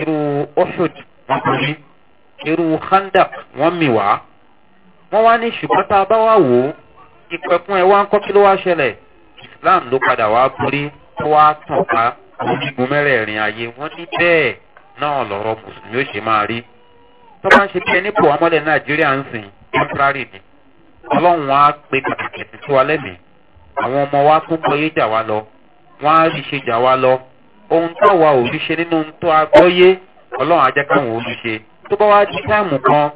irú oṣod wọn borí irú handak wọn mì wá wọn wá ní ṣùgbọ́n tá a bá wà wò ó ìpẹ̀kun ẹ̀ wá ń kọ́ kí ló wá ṣẹlẹ̀ islam ló padà wá borí tó wá tàn ká onígun mẹ́rẹ̀ẹ̀rin ayé wọ́n ní bẹ́ẹ̀ náà lọ̀rọ̀ mùsùlùmí ó ṣe máa rí tó bá ń ṣe bí ẹni pò wá nàìjíríà ń sìn temporary ni ọlọ́run á pe pàtàkì sí wa lẹ́mìí àwọn ọmọ wa tó gbọ́yé jà wá lọ wọ́n á rí ṣe jà wá lọ ohun tó wa ò rí ṣe nínú ohun tó a gbọ́yé ọlọ́run ajẹ́ káwọn ò rí ṣe tó bá wá di táìmù kan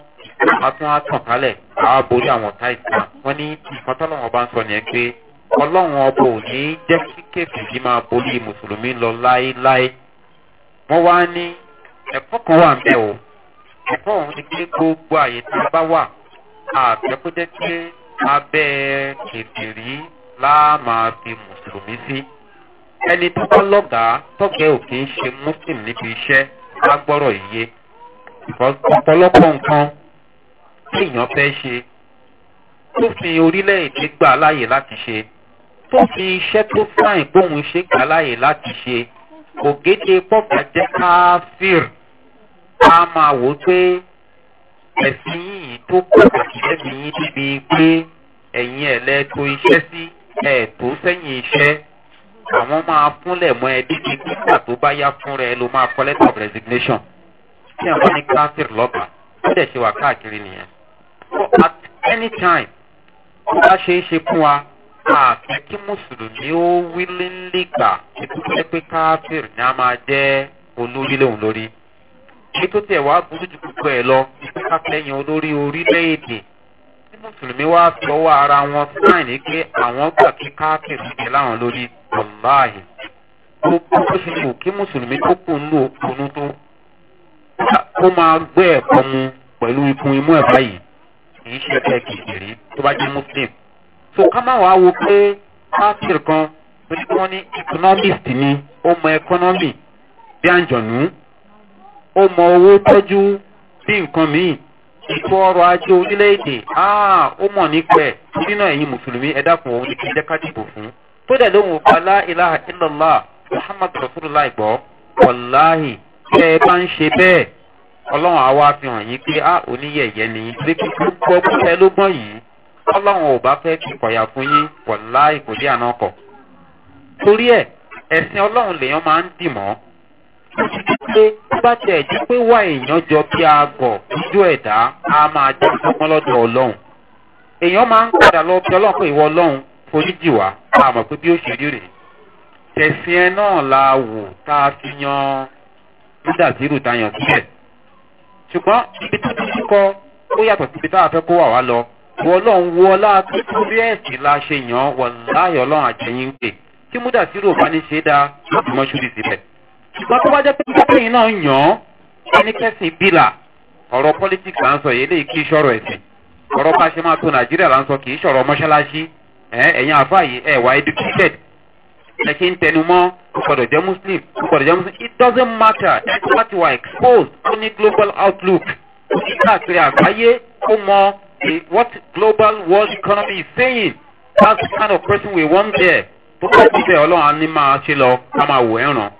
àtún àtàn kálẹ̀ àwa borí àwọn táìsàn wọ́n ní nǹkan tọ́lọ́run ọba ń sọ nìyẹn pé ọlọ́run ọba ò ní jẹ́ kí kébìrì máa borí mùsùlùmí lọ láéláé wọ́n wá ní ẹ̀kọ́ kan wà ń bẹ̀ o ẹ̀kọ́ òun ni pé gbogbo àyè tá a bá wà àbẹ̀kọ́jẹ́ pé abẹ́ kébìrì láàmà fi mùsùlùmí sí. ẹni tó bá lọ́gàá tọ́gẹ́ ò kì í ṣe muslim níbi iṣẹ́ bá gbọ́rọ̀ iye. ọ̀pọ̀lọpọ̀ nǹkan téèyàn fẹ́ ṣe tófin orílẹ̀-èdè gbà láàyè láti ṣe tófin iṣẹ́ tó sáìn gbóhùn ṣe gbà láàyè láti ṣe ògédè pọ́pà jẹ́ káfíìr a máa wò pé ẹ̀sìn yìí tó pàtàkì lẹ́mìí yín débi pé ẹ̀yin ẹ̀ lẹ́ẹ̀tọ́ iṣẹ́ sí ẹ tó sẹ́yìn iṣẹ́ àwọn máa fúnlẹ̀ mọ́ ẹ dídí nígbà tó bá yá fúnra ẹ ló máa kọ́ letter of resignation tí àwọn ní káfíìrì lọ́ba ó dẹ̀ ṣe wà káàkiri nìyẹn. at any time tó bá ṣe é ṣe fún wa àfẹ́ kí mùsùlùmí ó wílíńlì gbà ìdúpẹ́ pé káfíìrì ni a máa jẹ́ olórí lóhùn lórí. ètò tẹ̀ wá burú ju gbogbo ẹ̀ lọ ìpínlẹ̀ olórí orílẹ̀-èdè mùsùlùmí wá tọwọ́ ara wọn sáì ní pé àwọn gbà kí káàkiri jẹ láwọn lórí wàláhì ó kó ṣe kò kí mùsùlùmí tó kù ń lò kunú tó kó máa gbé ẹ̀kọ́ mu pẹ̀lú ikun imú ẹ̀ báyìí kì í ṣe ẹ̀kẹ́ kìkìrí tó bá jẹ́ muslim so ká má wàá wo pé káàkiri kan torí pé wọ́n ní economist ni ó mọ economy bí àǹjọ̀nú ó mọ owó tọ́jú bí nǹkan mìíràn ètò ọrọ̀ ajé orílẹ̀-èdè ah, ó mọ̀ nípẹ̀ nínú ẹ̀yin mùsùlùmí ẹ̀dá kan òun ni kí n jẹ́ ká dìbò fún. tó dẹ̀ lóhùn ọ̀pá láìláha ìlọ́lá muhammad rasulillah ìgbọ́ wàláhì tẹ́ ẹ bá ń ṣe bẹ́ẹ̀ ọlọ́run àwa fi hàn yín pé a ah, oníyẹ̀yẹ ni pé kí ló gbọ́ pípẹ́ ló gbọ́n yìí ọlọ́run ò bá fẹ́ kí kọ̀yà fún yín wàláhì kò dé àná kọ̀. torí ẹ̀ ẹ̀sìn ọlọ́run lèèyàn máa ń dì pé tó bá tẹ̀ jẹ́ pé wà èèyàn jọ bí aago lójú ẹ̀dá a máa jẹ́ ọgbọ́n lọ́dọ̀ ọlọ́run èèyàn máa ń padà lọ bí ọlọ́run pé ìwọ ọlọ́run foríjì wá a mọ̀ pé bí ó ṣe rí rèé tẹ̀sìn ẹ náà la wò tá a fi yan lúdà zero tá a yàn sílẹ̀ ṣùgbọ́n ibi tó ti kọ́ ó yàtọ̀ síbi tá a fẹ́ kó wà wá lọ wọ ọlọ́run wọ ọlá tó bí ẹ̀sìn la ṣe ṣùgbọ́n tó bá jẹ́ pé kápẹ́yìn náà yàn án ẹni kẹ́sìn bílà ọ̀rọ̀ politics là ń sọ yìí eléyìí kì í ṣọ̀rọ̀ ẹ̀sìn ọ̀rọ̀ bá ṣe máa tó nàìjíríà là ń sọ kì í ṣọ̀rọ̀ mọ́ṣáláṣí ẹ̀yìn àfáà yìí ẹ̀ wá educated ẹ̀ ṣe ń tẹnu mọ́ gbọ́dọ̀ jẹ́ muslim gbọ́dọ̀ jẹ́ muslim it doesn't matter ẹ̀ tó bá ti wà exposed ó ní global outlook ó ní káàkiri àgbáyé ó mọ eh, what global world economy is saying that's the kind of person we want there tó kọ́ sí bẹ́ẹ̀ ọlọ́run á ní máa ṣe lọ ká máa wò ẹ̀ràn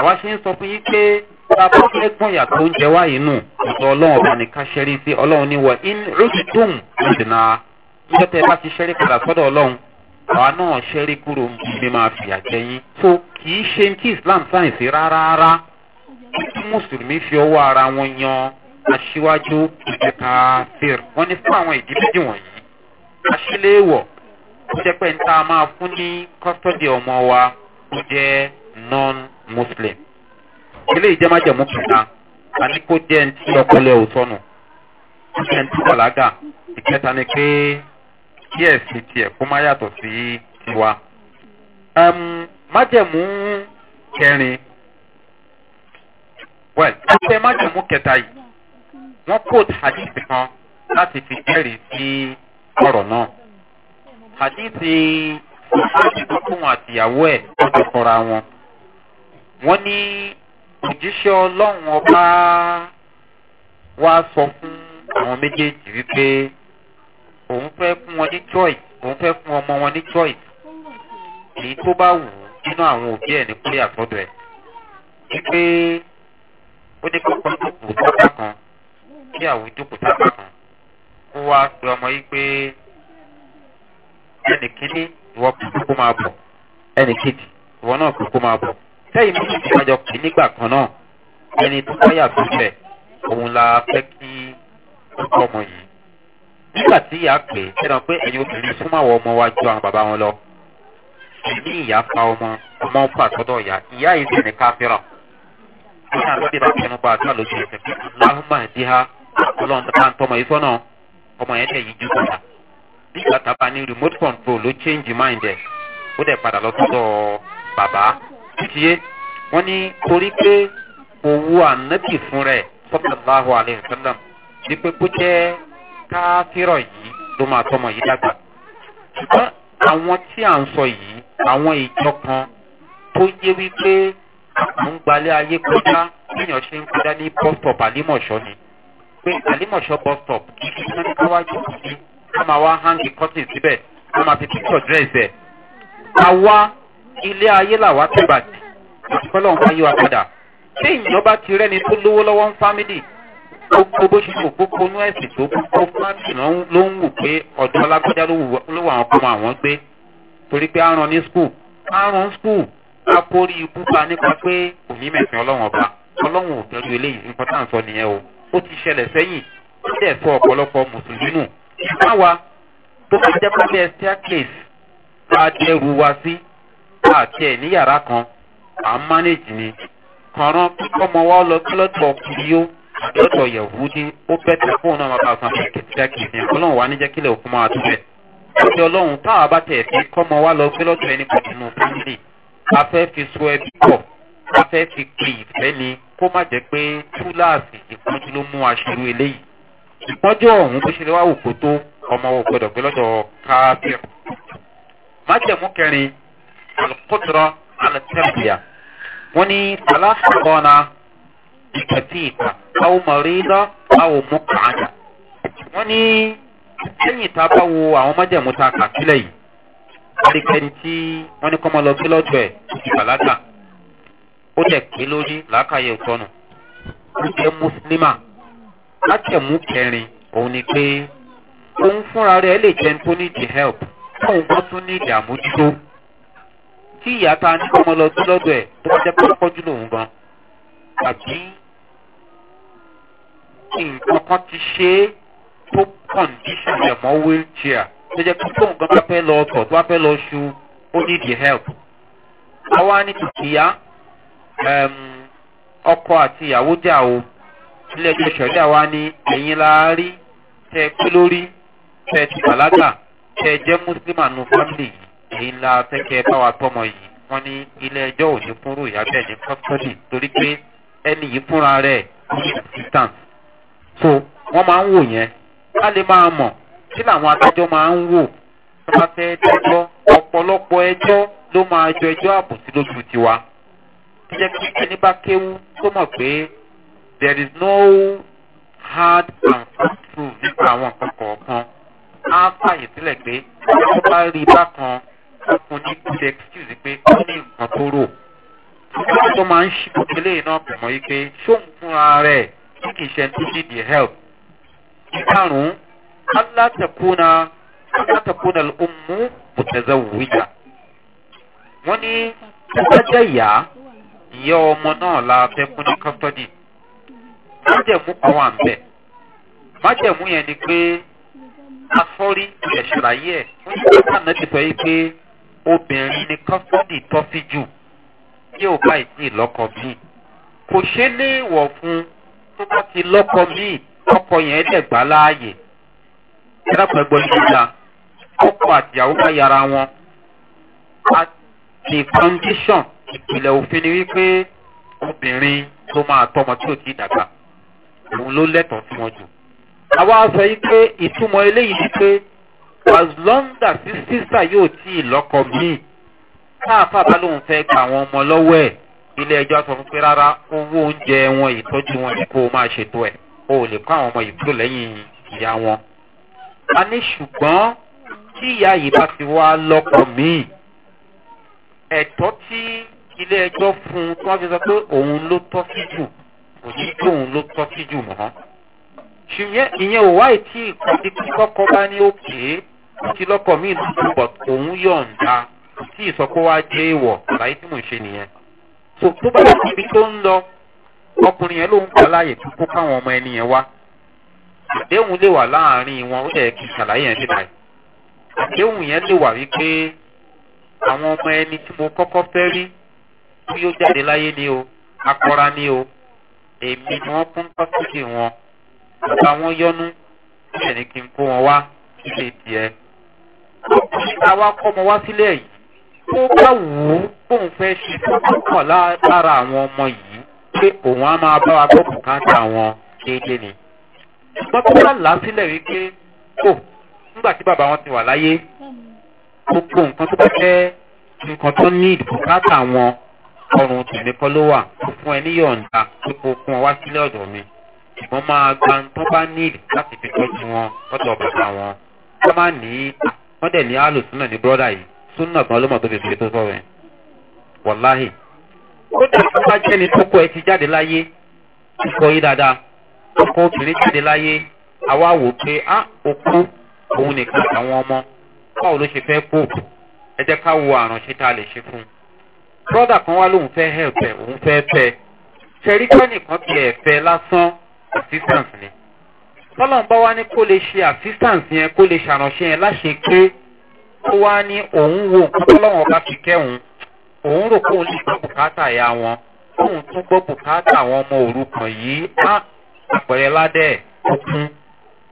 àwa ṣe ń sọ fún yín pé bàbá fẹ́ gbọ́n yà tó ń jẹ wá yìí nù ọ̀dọ̀ ọlọ́run ọba ní ká ṣẹ́rí sí ọlọ́run ní wọ in rúdùn ìdènà níjọ́ tẹ́ bá ti ṣẹ́rí padà sọ́dọ̀ ọlọ́run àwa náà ṣẹ́rí kúrò bí máa fìyà jẹ yín tó kì í ṣe ti islam sáyẹ̀nsì rárá rárá tí mùsùlùmí fi ọwọ́ ara wọn yan aṣíwájú ìjẹkàfẹ́r wọn ní fún àwọn ìdí méjì wọ̀nyí aṣíléèwọ̀ ó jẹ́ pé ń tá a máa fún ní kọ́sítọ́dì ọmọ wa ó jẹ́ none muslim ilé ìjẹ́májẹ̀mú kẹta àní kó jẹ́ ní tí ọpọlọ ò sọnù jẹ́ ní tí bàlágà ìkẹta ni pé kí ẹ̀sìn tiẹ̀ kó má yàtọ̀ sí tiwa. májẹ̀mú kẹrin well ṣe májẹ̀mú kẹta yìí wọ́n kóòtù hadith kan láti fi jẹ́rìí sí ọ̀rọ̀ náà hadith ìfọ̀sọ́ọ̀tì tó kún àtìyàwó ẹ̀ lọ́dọ̀ fúnra wọn wọ́n ní òjíṣẹ́ ọlọ́run ọba wá sọ fún àwọn méjèèjì wípé òun fẹ́ fún wọn ní choice òun fẹ́ fún ọmọ wọn ní choice èyí tó bá wù ú nínú àwọn òbí ẹ̀ ní pé àtọ́dọ̀ ẹ̀ wípé ó ní kọ́kọ́ jókòó sábà kan kí àwọn jókòó sábà kan kó wá pe ọmọ yìí pé ẹnì kíní ìwọ kò kó máa bọ̀ ẹnì kejì ìwọ náà kò kó máa bọ̀ tẹ́yìn méjì tí wọ́n jọ pè nígbà kan náà ẹni tó báyà sílẹ̀ òun la fẹ́ kí ó kọ́ ọmọ yìí. nígbà tí ìyá pè é ṣẹ́nà pé ẹ̀yin obìnrin súnmọ́ àwọn ọmọ wa ju àwọn bàbá wọn lọ. èmi ìyá pa ọmọ ọmọ ń fà sọ́dọ̀ ìyá ìyá yìí sì ní káfíra. wọ́n náà lóde bá tẹnu bá àdúrà lójú ẹsẹ̀ pé láhùmá díhá ọlọ́run tàbá ń tọmọ yìí sọ́nà ọmọ yẹn remote control ló change mind ẹ̀ ó dẹ̀ padà lọ sọ́dọ̀ tiye wọn ni torí pé òwú ànábì fún rẹ sọpọlọláhu alayhi sallam ni pé kó jẹ káfírọ yìí ló máa tọmọ yìí dàgbà ṣùgbọn àwọn tí à ń sọ yìí àwọn ìjọ kan tó yé wípé àwọn gbalẹ̀ ayé kọjá níyàn ṣe ń kọjá ní bus stop àlímọ̀ṣọ́ ni pé àlímọ̀ṣọ́ bus stop kì í ṣe ní káwájú kìí ká máa wá hangi curtain síbẹ̀ ká máa fi picture dress ẹ̀ ká wá ilé ayé làwa ti bàjẹ́ àtìkọ́lọ́hún wáyé wa padà tí ìjọba ti rẹ́ni tó lówó lọ́wọ́ ń fámílì gbogbo bó ṣe kò gbogbo inú ẹ̀sìn tó gbogbo fámílì ló ń wù pé ọ̀dọ́ alágbádá ló wù àwọn ọmọ àwọn gbé torí pé aràn ní skul aràn skul apórí ikú pa nípa pé kò ní mẹ̀sìn ọlọ́wọ̀n ọba ọlọ́wọ̀n òkèlú eléyìí nǹkan tá à ń sọ nìyẹn o ó ti ṣẹlẹ̀ sẹ́yìn ó dẹ̀ sọ ọ̀pọ̀lọpọ̀ mùsùlùmí nù báwa tó bá jẹ́ pàtẹ́ staircase bá dẹrù wa sí àti ẹ̀ ní yàrá kan à ń mánéjì ni kànrán kíkọ́mọ wa lọ kílọ̀tọ̀ kìíyó àtọ́tọ̀ yẹ̀wúdí ó bẹ́tẹ̀ fóun náà máa bá a san kìtìkìtì ní ọlọ́run wa níjẹ́ kílẹ̀ òkú máa tó bẹ̀. àti ọlọ́run tá a bá tẹ̀ fi kọ́mọ wa lọ kílọ̀tọ̀ ẹni pọ̀ nínú fámìlì a fẹ́ fi so ẹbí pọ̀ a fẹ́ fi pè ìfẹ́ ni kó má jẹ́ pé túláàsì ìpọ́njú ló mú aṣerú eléyìí. ìpọ́njú ọ̀hún bó ṣe lè wá òkú tó ọmọ ògbọ́dọ̀ gbẹ́lọ́dọ̀ káfíọ̀. májẹ̀mú kẹrin والقدرة على التربية وني تلحقنا بكتيبة أو مريضة أو مقعدة وني a bá wo àwọn májẹ̀mú tá a kà sílẹ̀ yìí ẹnikẹ́ni tí wọ́n help tí ìyá ta ní kọ́mọ lọ sí lọ́dọ̀ ẹ̀ tó bá jẹ́ pé pọ́jú lòun gan àbí nǹkan kan ti ṣe é tó kọ̀ǹdíṣàn rẹ̀ mọ́ wheelchair tó jẹ́ pé tóun gan bá fẹ́ lọ ọkọ̀ tó bá fẹ́ lọ ṣu ó ní the help. àwa ní tòkìyá ọkọ àti ìyàwó jà o ilé ẹjọ́ ìṣẹ̀dá wa ní ẹ̀yìn la rí tẹ pé lórí tẹ ti bàlágà tẹ jẹ́ mùsùlùmá nù fámìlì yìí èyí ńlá afẹ́kẹ́ báwa tọmọ yìí wọ́n ní ilé ẹjọ́ ò kúrú ìyá ní custody torí pé ẹni yìí fúnra rẹ̀ assistant so wọ́n máa ń wò yẹn ká lè máa mọ̀ kí làwọn adájọ́ máa ń wò tó bá fẹ́ dájọ́ ọ̀pọ̀lọpọ̀ ẹjọ́ ló máa jọ ẹjọ́ àbòsí lójú tiwa kí jẹ́ kí ẹni bá kéwú tó mọ̀ pé there is no hard and fast rule nípa àwọn nǹkan kọ̀ọ̀kan á fàyè sílẹ̀ pé ẹjọ́ bá rí bákan fún ní good excuse pé kó ní nǹkan tó rò nígbà tó máa ń ṣí ìpele náà pọ̀ mọ́ pé ṣóun fúnra rẹ̀ tí kì ṣe tó ní the help. ìkarùn-ún alátakúnà alátakúnà ọmú bùtẹ́zẹ̀ wíjà wọ́n ní tó bá jẹ́ ìyá ìyá ọmọ náà la fẹ́ fún ní custody májẹ̀mú kan wà ń bẹ̀ májẹ̀mú yẹn ni pé afọ́rí ẹ̀ṣọ̀ráyé ẹ̀ wọ́n ní kí wọ́n kà náà ti sọ yìí pé obìnrin ni kọ́sọ́dì tọ́ sí jù tí ò bá ìsìn lọ́kọ̀ míì kò ṣe lè wọ̀ fún tó bá ti lọ́kọ̀ míì ọkọ̀ yẹn dẹ̀ gbá láàyè ẹ̀dàpọ̀ ẹgbọ́n yìí gba ọkọ̀ àtìyàwó bá yàrá wọn àti foundation ìpìlẹ̀ òfin ni wípé obìnrin ló máa tọmọ tí ò ti dàgbà òun ló lẹ́tọ̀ọ́ tí wọ́n jù àwa sọ yìí pé ìtumọ̀ eléyìí ni pé as long as tí sister yóò tí ì lọ́kọ míì káàfà bá lóun fẹ́ gba àwọn ọmọ lọ́wọ́ ẹ̀ ilé ẹjọ́ sọ fún pé rárá owó oúnjẹ wọn ìtọ́jú wọn ni kó o máa ṣètò ẹ̀ o ò lè kó àwọn ọmọ ìbúrò lẹ́yìn ìyá wọn. a ní ṣùgbọ́n tí ìyá yìí bá ti wá lọ́kọ míì ẹ̀tọ́ tí ilé ẹjọ́ fún un tí wọ́n fi sọ pé òun ló tọ́ sí jù kò ní kí òun ló tọ́ sí jù mọ́. ṣùgbọ́n ìyẹn ò wáyé tí ìkọ́ni kíkọ́kọ́ bá ní òkè é wọ́n ti lọ́kọ̀ mí lójú but òun yọ̀ǹda tí ìsọ̀kọ́ wa jẹ́ ìwọ̀ láyé tí mò ń ṣe nìyẹn. so tó bá wà níbi tó ń lọ ọkùnrin yẹn ló ń gbà láàyè tó kó káwọn ọmọ ẹni yẹn wá. àdéhùn lè wà láàrin wọn ó yẹ kí ìṣàlàyé yẹn ṣe báyìí. àdéhùn yẹn lè wà wípé àwọn ọmọ ẹni tí mo kọ́kọ́ fẹ́ rí bí ó jáde láyé ni o akọra ni o èmi ni wọ́n kún tọ́sídìí wọn àtàwọn yọnu ẹnì kí n kó wọn wá kí lè tiẹ̀ ọkùnrin tá a wá kọ́ ọmọ wá sílẹ̀ yìí tó bá wù ú bóun fẹ́ ṣe tó kàn lára àwọn ọmọ yìí pé òun á máa bá wa gbọ́ bùkátà wọn déédéé ni. ṣùgbọ́n tó bá là á sílẹ̀ wípé kò nígbà tí bàbá wọn ti wà láyé gbogbo nǹkan tó bá fẹ́ nǹkan tó ní ìbùkátà wọn ọrùn tèmi kọ́ ló wà fún ẹ níyọ̀ǹda pé kò fún ọ wá sílẹ̀ ọ̀dọ̀ mi ṣùgbọ́n máa gba bá ní láti fi tọ́jú wọn lọ́dọ̀ bàbá wọn ká má ní wọ́n dẹ̀ ní àlù súnà ní brọ́dà yìí súnà kan ló mọ̀ tó fi fi tó sọ̀rọ̀ yẹn wàláhì. ó dẹ̀ tó bá jẹ́ni tó kọ ẹ ti jáde láyé kọ yí dáadáa tó kọ obìnrin jáde láyé àwa wò pé á ah, okú òun nìkan àwọn ọmọ báwo ló ṣe fẹ́ kóòpù ẹ jẹ́ ká wo àrùn ṣe tá a lè ṣe fún un. brọ́dà kan wá lóun fẹ́ hẹ̀pẹ̀ òun fẹ́ fẹ́ ṣẹ̀rí kẹ́nìkan tiẹ̀ fẹ́ lásán assistance ni tọ́lọ́n bá wá ní kó lè ṣe assistance yẹn kó lè ṣàránṣẹ́ yẹn láṣẹ pé kó wá ní òun wo nǹkan tọ́lọ́wọ́n ọba fi kẹ́hùn òun rò kóun lè gbọ́ bùkátà ya wọn kóun tún gbọ́ bùkátà àwọn ọmọ òrukàn yìí á àpẹẹrẹ ládẹ́ òkun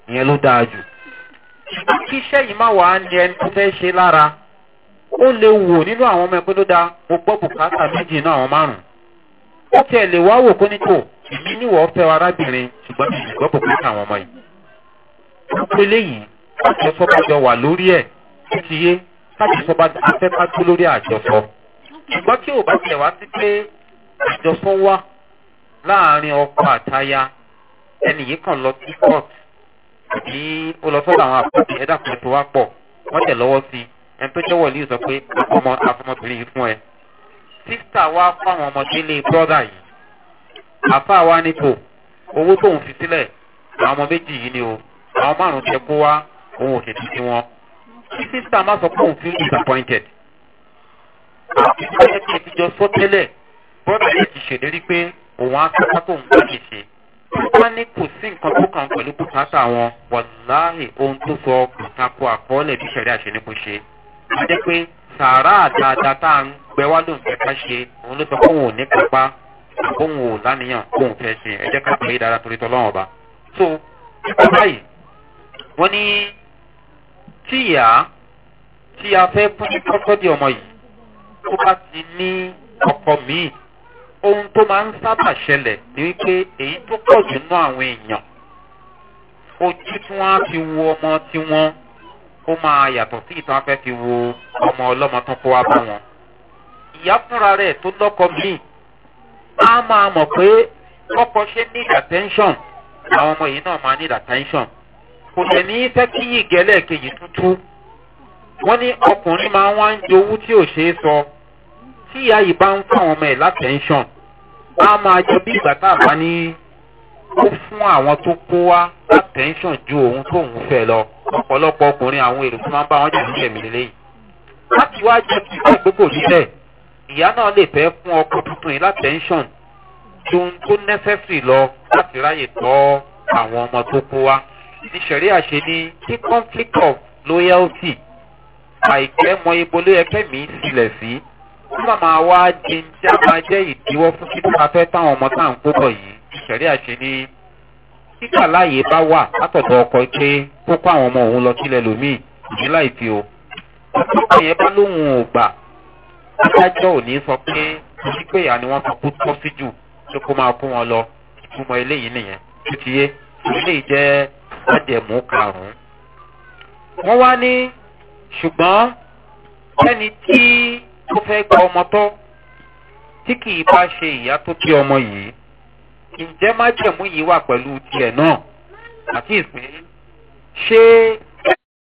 ìyẹn ló dáa jù. kí iṣẹ́ yìí má wàá ní ẹni tó fẹ́ ṣe lára ó lè wò nínú àwọn ọmọ ẹgbẹ́ tó dáa mo gbọ́ bùkátà méjì náà àwọn márùn-ún ó tiẹ̀ lè wá wò kó ní tò èmi níwọ̀ fẹ́ arábìnrin ṣùgbọ́n mi ìgbọ́ bùkún ní àwọn ọmọ yìí. wọ́n pe léyìn láti fọ́bàjọ wà lórí ẹ̀ tó ti yé láti fọ́bàjọ afẹ́kájú lórí àjọsọ. ṣùgbọ́n tí ò bá tẹ̀ wá sí pé àjọsọ wà láàrin ọkọ àtaya ẹnì yìí kàn lọ sí court àbí ó lọ sọ́dọ̀ àwọn àpótí ẹ̀dá kan tó wá pọ̀ wọ́n tẹ̀ lọ́wọ́ sí i ẹni tó jẹ́wọ́ ìlú sọ pé àfọmọbìnrin yìí fún ẹ. sísítà wa fún àwọn ọmọdé lé brọ́dà yìí Afa wa ni tò owó tóun fi sílẹ̀ àwọn ọmọ méjì yìí ni o àwọn márùn-ún tẹ kó wá òun ò sì ti di wọn. kí sísá má sọ pé òun feel disappointed. àti bóyá kí ẹbí jọ sọ tẹ́lẹ̀ bọ́dà yìí ti ṣèlérí pé òun á sọ pátó òun bá lè ṣe. wọ́n ní kò sí nǹkan tó kàn pẹ̀lú bùkátà wọn wàláhì ohun tó sọ kòtàkó àkọọ́lẹ̀ bí sẹ̀rí àṣẹ ni kò ṣe. wọ́n jẹ́ pé sàárà dáadáa tá à ń gbẹ́wá lóun fẹ́ ká ṣe òun ló sọ pé òun ò ní kápá òun ò lánìyàn òun fẹ́ ṣe ẹ jẹ́ ká pè é dára torí tọ́lọ́wọ́n ọba. so nípa báyìí wọ́n ní tíyà tí a fẹ́ fún ní kọ́sọ́dì ọmọ yìí tó bá ti ní ọkọ míì ohun tó máa ń sábà ṣẹlẹ̀ ni wípé èyí tó pọ̀ jù nú àwọn èèyàn ojú tí wọ́n á fi wo ọmọ tí wọ́n ó máa yàtọ̀ sí ìtàn afẹ́ fi wo ọmọ ọlọ́mọ tó kó wá bá wọn. ìyá fúnra rẹ̀ tó lọ́kọ míì á máa mọ̀ pé ọkọ̀ ṣe ní attention àwọn ọmọ yìí náà máa ní attention kò sì ní fẹ́ kí ìgẹ́lẹ̀ kejì tútú wọ́n ní ọkùnrin máa wá ń jowú tí ò ṣeé sọ tí ìyá yìí bá ń fún àwọn ọmọ ẹ̀ látẹ̀ńṣọ̀n á máa jọ bí ìgbà tá a bá ní ó fún àwọn tó kó wá látẹ̀ńṣọ̀n ju òun tóun fẹ́ lọ ọ̀pọ̀lọpọ̀ ọkùnrin àwọn èrò tó máa ń bá wọn jà nílẹ̀ mi lélẹ́yìn láti wá jẹ́ kí ìgbà gbogbo nílẹ̀ ìyá náà lè fẹ́ fún ọkọ tuntun yìí látẹ́ńṣọ̀n tó ń tó nẹ́sẹ̀sì lọ láti ráyè tọ́ àwọn ọmọ tó kó wa ní sẹ̀rí àṣẹ ní kí conflict of loyalty àìpẹ́ mọ ibo ló yẹ kẹ́mi sílẹ̀ sí wọ́n máa máa wá di tí a máa jẹ́ ìdíwọ́ fún kí a fẹ́ táwọn ọmọ tá à ń kó bọ̀ yìí ìṣẹ̀rí àṣẹ ní títà láàyè bá wà látọ̀dọ̀ ọkọ̀ pé kó kó àwọn ọmọ òun lọ sílẹ̀ lómìn ìdílà ìfi adájọ́ ò ní sọ pé onípèyà ni wọ́n sọ kó tọ́ sí jù pé kó máa kó wọn lọ ìtumọ̀ eléyìí nìyẹn tó ti yé eléyìí jẹ́ ọ̀dẹ̀mú karùn-ún. wọ́n wá ní ṣùgbọ́n ẹni tí ó fẹ́ gba ọmọ tọ́ tí kì í bá ṣe ìyá tó bí ọmọ yìí ǹjẹ́ májẹ̀mú yìí wà pẹ̀lú tiẹ̀ náà àti ìpín ṣé